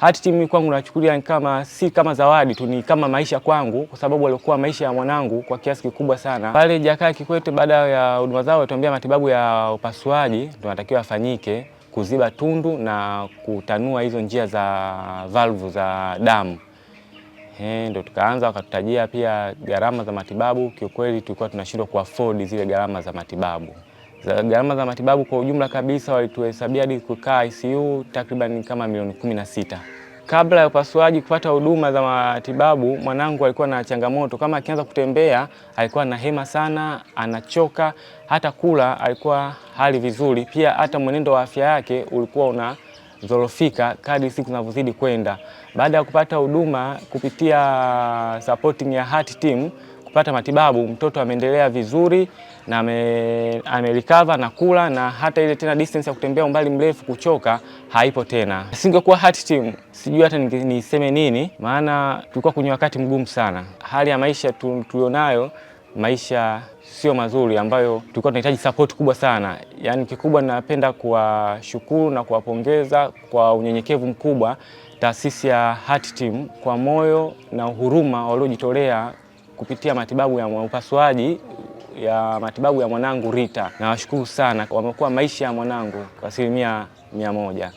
Hat Team kwangu nachukulia kama si kama zawadi tu, ni kama maisha kwangu, kwa sababu walikuwa maisha ya mwanangu kwa kiasi kikubwa sana. Pale Jakaya Kikwete, baada ya huduma zao, walituambia matibabu ya upasuaji natakiwa afanyike kuziba tundu na kutanua hizo njia za valvu za damu. Ndio tukaanza, wakatutajia pia gharama za matibabu. Kiukweli tulikuwa tunashindwa kuafford zile gharama za matibabu. Gharama za matibabu kwa ujumla kabisa walituhesabia hadi kukaa ICU takriban kama milioni kumi na sita. Kabla ya upasuaji kupata huduma za matibabu, mwanangu alikuwa na changamoto. Kama akianza kutembea alikuwa na hema sana, anachoka, hata kula alikuwa hali vizuri, pia hata mwenendo wa afya yake ulikuwa una zorofika kadri siku zinavyozidi kwenda. Baada ya kupata huduma kupitia supporting ya Heart Team kupata matibabu, mtoto ameendelea vizuri na amelikava na kula, na hata ile tena distance ya kutembea umbali mrefu kuchoka haipo tena. Singekuwa heart team, sijui hata niseme nini, maana tulikuwa kwenye wakati mgumu sana. Hali ya maisha tulionayo maisha sio mazuri, ambayo tulikuwa tunahitaji support kubwa sana. Yaani kikubwa, napenda kuwashukuru na kuwapongeza kwa unyenyekevu mkubwa taasisi ya Heart Team kwa moyo na huruma waliojitolea kupitia matibabu ya upasuaji ya matibabu ya mwanangu Rita. Nawashukuru sana, wamekuwa maisha ya mwanangu kwa asilimia mia moja.